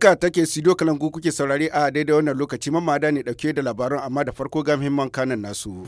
Haka take studio kalangu kuke saurari a daidai wannan lokaci mamada ne dauke da labaran amma da farko ga muhimman kanan nasu.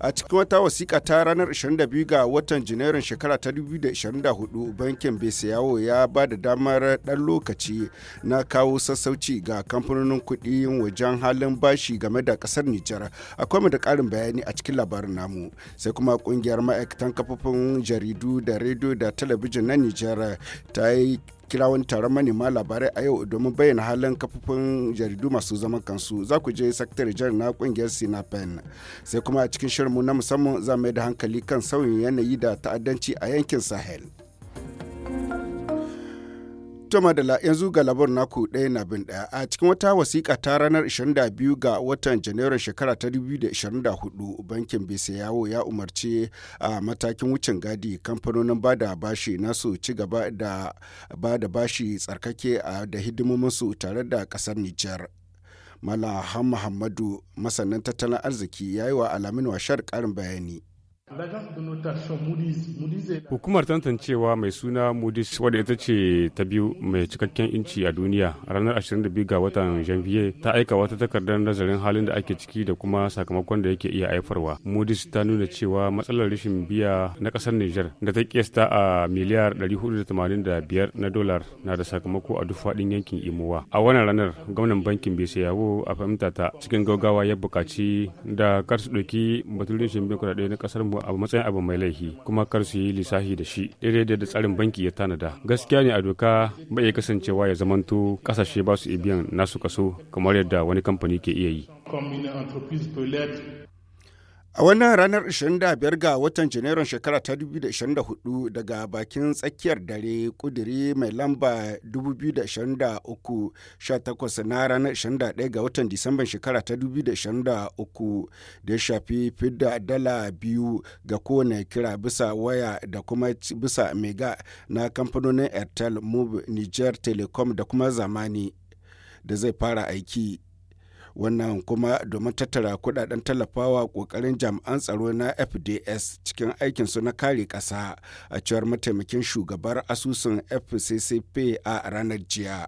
a cikin wata wasiƙa ta ranar 22 ga watan janairun shekara ta 2024 bankin besiyawo ya ba da damar ɗan lokaci na kawo sassauci ga kamfanonin kuɗi wajen halin bashi game da ƙasar nijar akwai mu da ƙarin bayani a cikin labarin namu sai kuma ƙungiyar ma'aikatan kafofin jaridu da rediyo da talabijin na nijar ta yi kira taron manema labarai a yau domin bayyana halin kafofin jaridu masu zaman kansu za ku je sakatare jar na kungiyar sinapen sai kuma a cikin shirinmu na musamman za mai da hankali kan sauyin yanayi da ta'addanci a yankin sahel. Toma da yanzu ga labar naku ɗaya na bin ɗaya a cikin wata wasiƙa ta ranar 22 ga watan Janairun shekara ta 2024 bankin yawo ya umarci a matakin wucin gadi kamfanonin ba da bashi nasu ci gaba da ba da bashi tsarkake a da hidimominsu tare da kasar Nijar. Malam Muhammadu masanin tattalin arziki ya yi wa alamin washar ƙarin bayani. Hukumar tantancewa mai suna Moody's wadda ita ce ta biyu mai cikakken inci a duniya ranar 22 ga watan Janvier ta aika wata takardar nazarin halin da ake ciki da kuma sakamakon da yake iya haifarwa. Moody's ta nuna cewa matsalar rashin biya na kasar Niger da ta kiyasta a miliyar 485 na dolar na da sakamako a duk faɗin yankin Imowa. A wannan ranar gwamnan bankin Bese Yawo a fahimta ta cikin gaugawa ya bukaci da kar su ɗauki batun rashin biyan kuɗaɗe na kasar mu a matsayin abu mai laifi kuma kar su yi lissafi da shi daidai da tsarin banki ya tanada gaskiya ne a doka bai iya kasancewa ya zamanto kasashe ba su biyan nasu kaso kamar yadda wani kamfani ke iya yi A wannan ranar 25 ga watan Janairun shekara ta 2024 daga bakin tsakiyar dare kudiri mai lamba 2023 na ranar 21 ga watan Disamban shekara ta 2023 da ya shafi fidda dala biyu ga kowane kira bisa waya da kuma bisa mega na kamfanonin Airtel, Move, Niger Telecom da kuma zamani da zai fara aiki. wannan kuma domin tattara kudaden tallafawa kokarin jami'an tsaro na fds cikin aikinsu na kare kasa a cewar mataimakin shugabar asusun fccp a ranar jiya.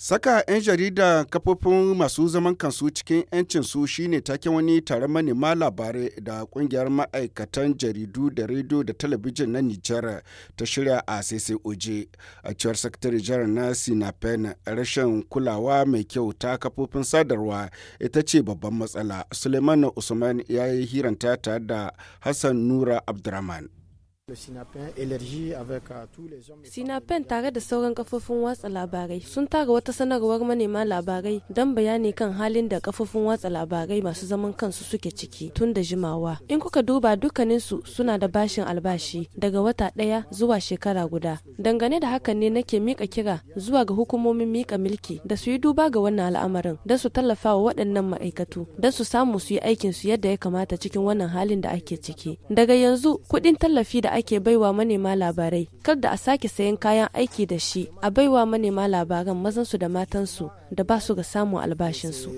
Saka 'yan jarida kafofin masu zaman kansu cikin 'yancinsu shine taken wani taron manema labarai da kungiyar ma'aikatan jaridu da rediyo da talabijin na Nijar ta shirya a oje A cewar sakatare jihar na Sinapen rashin kulawa mai kyau ta kafofin sadarwa ita ce babban matsala. Suleiman Usman ya yi hiranta tare da Hassan Nura Abdurrahman. Sinapin euh, tare da sauran kafofin watsa labarai sun tara wata sanarwar manema labarai don bayani kan halin da kafofin watsa labarai masu zaman kansu suke ciki tun da jimawa. In kuka duba dukkaninsu suna da bashin albashi daga wata ɗaya zuwa shekara guda. Dangane da hakan ne nake mika kira zuwa ga hukumomin mika milki da su yi duba ga wannan al'amarin da su tallafa wa waɗannan ma'aikatu da su samu su yi aikinsu yadda ya kamata cikin wannan halin da ake ciki. Daga yanzu kuɗin tallafi da ake baiwa manema labarai kar da a sake sayan kayan aiki da shi a baiwa manema labaran mazansu da matansu da ba su ga samun albashinsu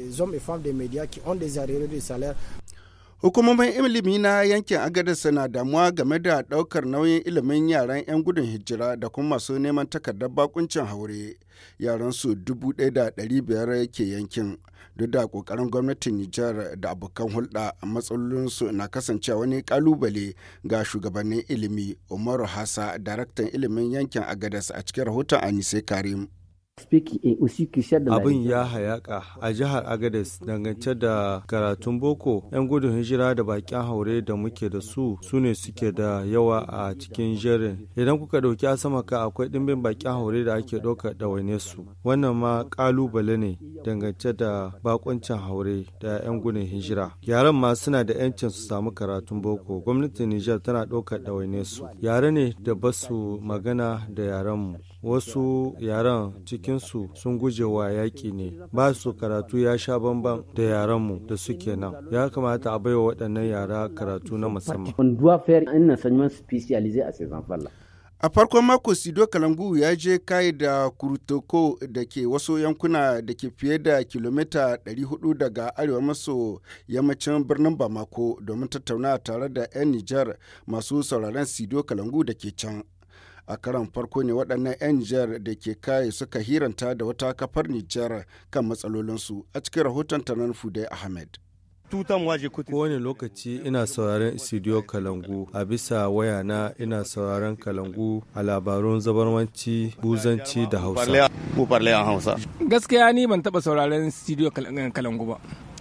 Hukumomin ilimi na yankin agadarsa na damuwa game da ɗaukar nauyin ilimin yaran 'yan gudun hijira da kuma masu neman takardar bakuncin haure. Yaran su biyar ke yankin. Duk da kokarin gwamnatin Nijar da abokan hulɗa matsalolinsu na kasancewa wani kalubale ga shugabannin ilimi Umaru hasa daraktan ilimin yankin agadas a cikin rahoton Anise Karim. Abin ya hayaka a jihar Agadez dangance da karatun boko 'yan gudun hijira da bakin haure da muke da su su ne suke da yawa a cikin jerin. Idan kuka ɗauki asamaka akwai ɗimbin bakin haure da ake ɗauka ɗawaine su. Wannan ma kalubale ne dangance da bakuncin haure da 'yan gudun hijira. Yaran ma suna da 'yancin su samu karatun boko. Gwamnatin Nijar tana ɗaukar ɗawaine su. Yare ne da basu magana da yaren mu. wasu yaran cikinsu sun guje wa yaƙi ne ba su karatu ya sha bamban da yaranmu da suke nan ya kamata a baiwa waɗannan yara karatu na musamman a farkon mako sido kalangu ya je kai da kurutoko da ke wasu yankuna da ke fiye da kilomita 400 daga arewa maso yammacin birnin bamako domin tattauna tare da 'yan nijar masu sauraron sido kalangu da ke can a karan farko ne waɗannan 'yan jihar da ke kai suka hiranta da wata kafar Nijar kan matsalolinsu a cikin rahoton ta nan Fudai Ahmed. kowane lokaci ina sauraron studio kalangu a bisa waya na ina sauraron kalangu a labarun zabarwanci buzanci da hausa gaskiya ni ban taba sauraron studio kalangu ba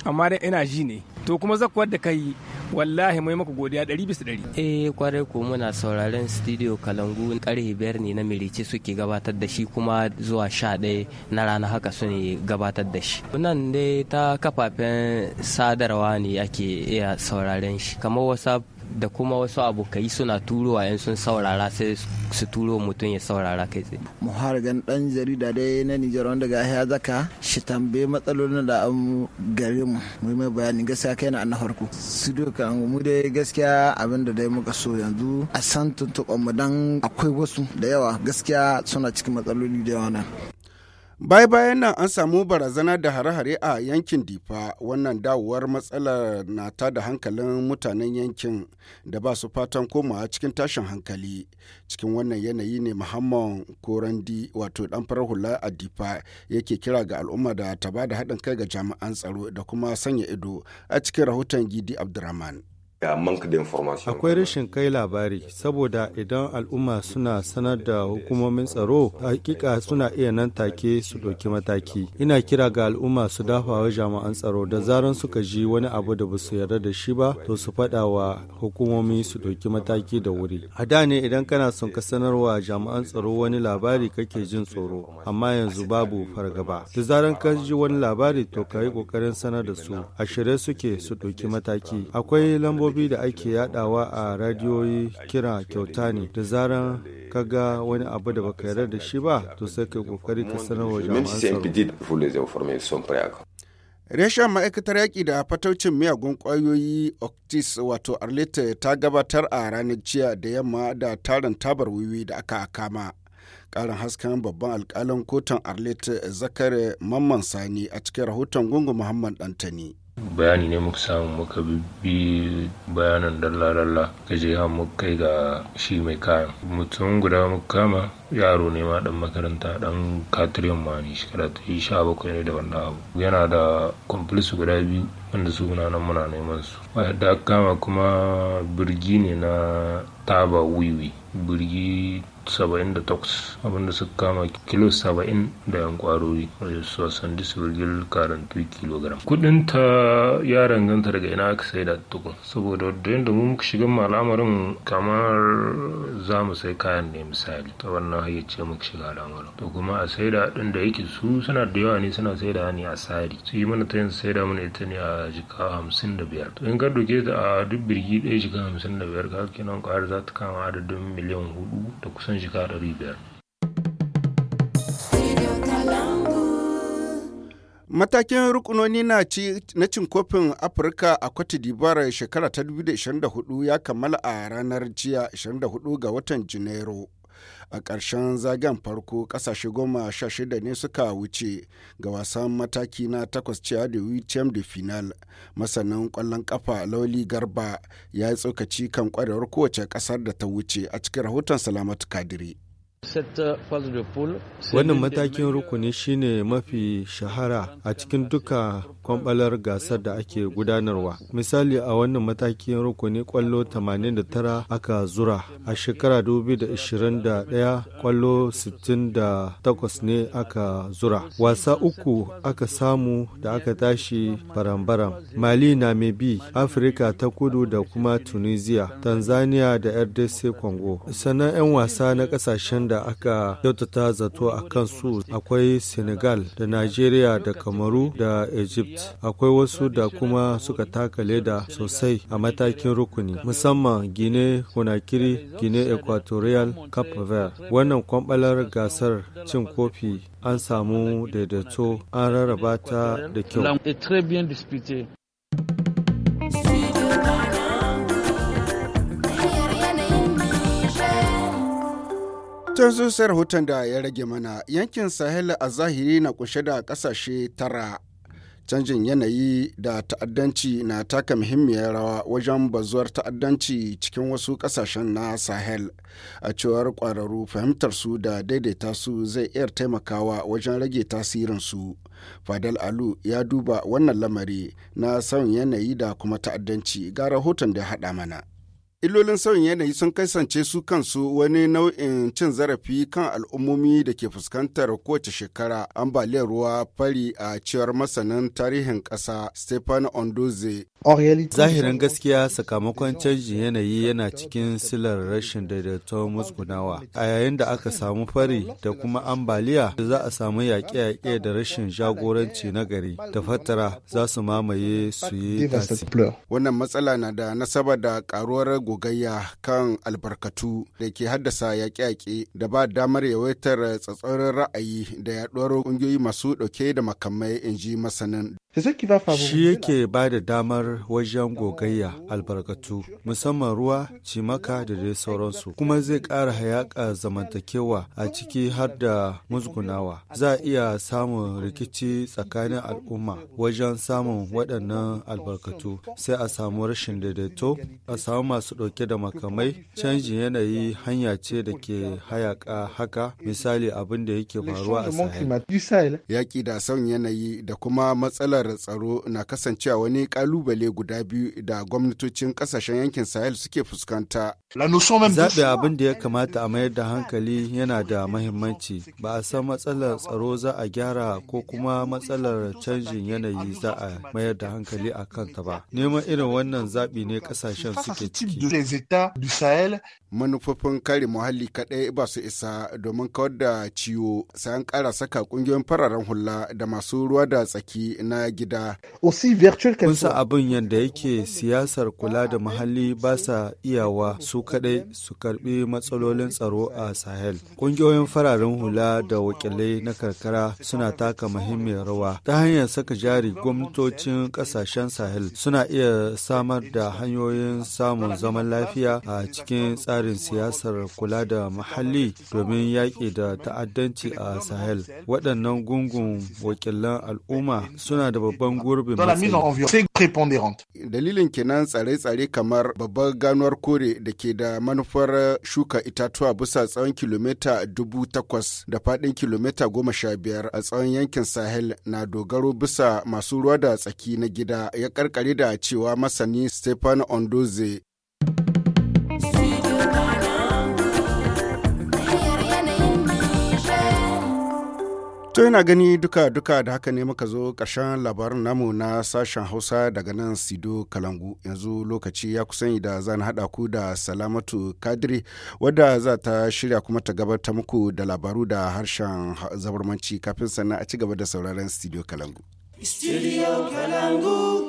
amma dai ina ji ne to kuma zakuwar da kai wallahi mai maka godiya ɗari bisa ɗari. Eh kwarai ko muna sauraren studio Kalangu karhe biyar ne na Mirice suke gabatar da shi kuma zuwa sha ɗaya na rana haka su ne gabatar da shi. Nan dai ta kafafen sadarwa ne ake iya sauraren shi kamar WhatsApp da kuma wasu abokai suna turo yan sun saurara sai su turo mutum ya saurara kai tsaye. muhargan dan jarida dai na nijar wanda ga ya zaka shi tambaye matsalolin da an gare mu mai mai bayani gaskiya kai na farko su doka mu dai gaskiya abin da dai muka so yanzu a san tuntuɓa mu dan akwai wasu da yawa gaskiya suna cikin matsaloli da yawa nan. Baya-bayan nan an samu barazana da hare-hare a yankin Difa, wannan dawowar matsalar na ta da hankalin mutanen yankin da ba su fatan komawa cikin tashin hankali. Cikin wannan yanayi ne Muhammad Korandi wato dan farar hula a Difa yake kira ga al'umma da ta ba da haɗin kai ga jami'an tsaro da kuma sanya ido a cikin rahoton Gidi Abdurrahman. Akwai rashin kai labari saboda idan al'umma suna sanar da hukumomin tsaro hakika suna iya nan take su ɗauki mataki. Ina kira ga al'umma su dafa wa jami'an tsaro da zaran suka ji wani abu da basu yarda da shi ba to su faɗa wa hukumomi su ɗauki mataki da wuri. A da ne idan kana son ka sanar wa jami'an tsaro wani labari kake jin tsoro amma yanzu babu fargaba. Da zaran ka ji wani labari to ka yi ƙoƙarin sanar da su a shirye suke su ɗauki mataki. Akwai lambobi lambobi da ake yadawa a radiyoyi kira kyauta ne da zaran ka ga wani abu da baka yarda da shi ba to sai ka kokari ka sanarwa jama'an Reshen ma'aikatar yaƙi da fataucin miyagun ƙwayoyi Octis wato Arlita ta gabatar a ranar jiya da yamma da tarin tabar wiwi da aka kama. Ƙarin hasken babban alƙalin kotun Arlita Zakare Mamman Sani a cikin rahoton Gungu Muhammad Dantani. bayani ne muka samu muka bi bayanan dalla-dalla ga jiha muka kai ga shi mai kayan mutum guda muka kama yaro ne ma dan makaranta dan katrin ma ne shekara ta yi sha bakwai ne da wannan abu yana da kwamfilisu guda biyu wanda su muna nan muna neman su da kama kuma birgi ne na taba wiwi birgi 78 abinda suka kama kilo 70 da yan kwarori kilogram kudin ta ya ganta daga ina aka sai da tukun saboda wadda yadda mu muka shiga malamarin kamar za mu sai kayan ne misali ta wannan hayyace muka shiga al'amarin to kuma a sai da din da yake su suna da yawa ne suna sai da ne a sari su yi mana ta yin sai da mana ita ne a jika hamsin da biyar to in ka doke ta a duk birgi ɗaya jika hamsin da biyar ka kwari za ta kama adadin miliyan hudu da kusan jika 500 Matakin rukunoni na cin kofin Afirka a Cote d'Ivoire shekara ta 2024 ya kammala a ranar jiya 24 ga watan Janairu. a ƙarshen zagen farko ƙasashe goma sha shida ne suka wuce ga wasan mataki na takwas cewa da wicem da final masanin ƙwallon ƙafa lauli garba ya yi tsokaci kan ƙwarewar kowace ƙasar da ta wuce a cikin rahoton salamatu kadiri. Uh, wannan matakin rukuni shine mafi shahara a cikin duka kwambalar gasar da ake gudanarwa. Misali a wannan matakin rukuni kwallo 89 aka zura, a shekara 2021 kwallo 68 ne aka zura. Wasa uku aka samu da aka tashi barambaram Mali na bi Afirka ta kudu da kuma Tunisia, Tanzania da RDC Congo. Sannan 'yan wasa na kasashen da aka kyautata zato a kan su akwai Senegal da nigeria da Kamaru da Egypt. Akwai wasu da kuma suka taka leda sosai a matakin rukuni, musamman Gine hunakiri Gine Equatorial, Cape Verde. Wannan kwambalar gasar cin kofi an samu daidaito an rarraba ta da kyau. sun sai rahoton da ya rage mana yankin sahel a zahiri na kushe da kasashe tara canjin yanayi da ta'addanci na taka muhimmiyar rawa wajen bazuwar ta'addanci cikin wasu kasashen na sahel a cewar kwararru fahimtar su da daidaita su zai iya taimakawa wajen rage tasirin su fadal alu ya duba wannan lamari na sauyin yanayi da kuma ta'addanci ga rahoton da ya haɗa mana Illolin sauyin yanayi sun kasance su kansu wani nau'in cin zarafi kan al'ummomi da ke fuskantar kowace shekara ambaliyar ruwa fari a cewar masanin tarihin ƙasa Stefan Ondoze. Zahirin gaskiya sakamakon canjin yanayi yana cikin silar rashin daidaiton musgunawa. A yayin da aka samu fari da kuma ambaliya da za a samu yaƙe-yaƙe da rashin jagoranci na gari da fatara za su mamaye su yi Wannan matsala na da nasaba da ƙaruwar gogayya kan albarkatu da ke haddasa yaƙe-yaƙe da ba damar yawaitar tsatsarin ra'ayi da yaɗuwar ƙungiyoyi masu ɗauke da makamai in ji masanin. Shi yake ba da damar wajen gogayya albarkatu musamman ruwa, cimaka da dai sauransu kuma zai ƙara hayaƙa zamantakewa a ciki har da musgunawa. Za a iya samun rikici tsakanin al'umma wajen samun waɗannan albarkatu sai a samu rashin daidaito a samu masu ɗauke da makamai canjin yanayi hanya ce da ke hayaka haka misali abin da yake faruwa a sahel yaƙi da son yanayi da kuma matsalar tsaro na kasancewa wani ƙalubale guda biyu da gwamnatocin ƙasashen yankin sahel suke fuskanta zaɓe abin da ya kamata a mayar da hankali yana da mahimmanci ba a san matsalar tsaro za a gyara ko kuma matsalar canjin yanayi za a mayar da hankali a kanta ba neman irin wannan zaɓi ne ƙasashen suke ciki les États du Sahel. Manufofin kare muhalli kaɗai ba su isa domin kawar da ciwo sai an ƙara saka ƙungiyoyin fararen hula da masu ruwa da tsaki na gida. Kunsa abin yadda yake siyasar kula da muhalli ba sa iyawa su kaɗai su karɓi matsalolin tsaro a Sahel. Ƙungiyoyin fararen hula da wakilai na karkara suna taka muhimmiyar rawa ta hanyar saka jari gwamnatocin kasashen Sahel suna iya samar da hanyoyin samun zama zaman lafiya a cikin tsarin siyasar kula da muhalli domin yaƙi da ta'addanci a Sahel. Waɗannan gungun wakilan al'umma suna da babban gurbin Dalilin kenan tsare-tsare kamar babbar ganuwar kore da ke da manufar shuka itatuwa bisa tsawon kilomita dubu takwas da faɗin kilomita goma sha biyar a tsawon yankin Sahel na dogaro bisa masu ruwa da tsaki na gida ya karkare da cewa masani Stefan Ondoze To yana gani duka-duka da haka ne muka zo karshen labarin namu na sashen Hausa daga nan Sido Kalangu. Yanzu lokaci ya kusan da zan haɗa ku da Salamatu Kadiri wadda za ta shirya kuma ta gabata muku da labaru da harshen zabarmanci kafin sannan a ci gaba da sauraren Studio Kalangu. Studio Kalangu.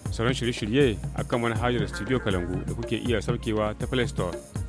sauran shirye-shirye a kan manhajar studio kalangu da kuke iya saukewa ta play store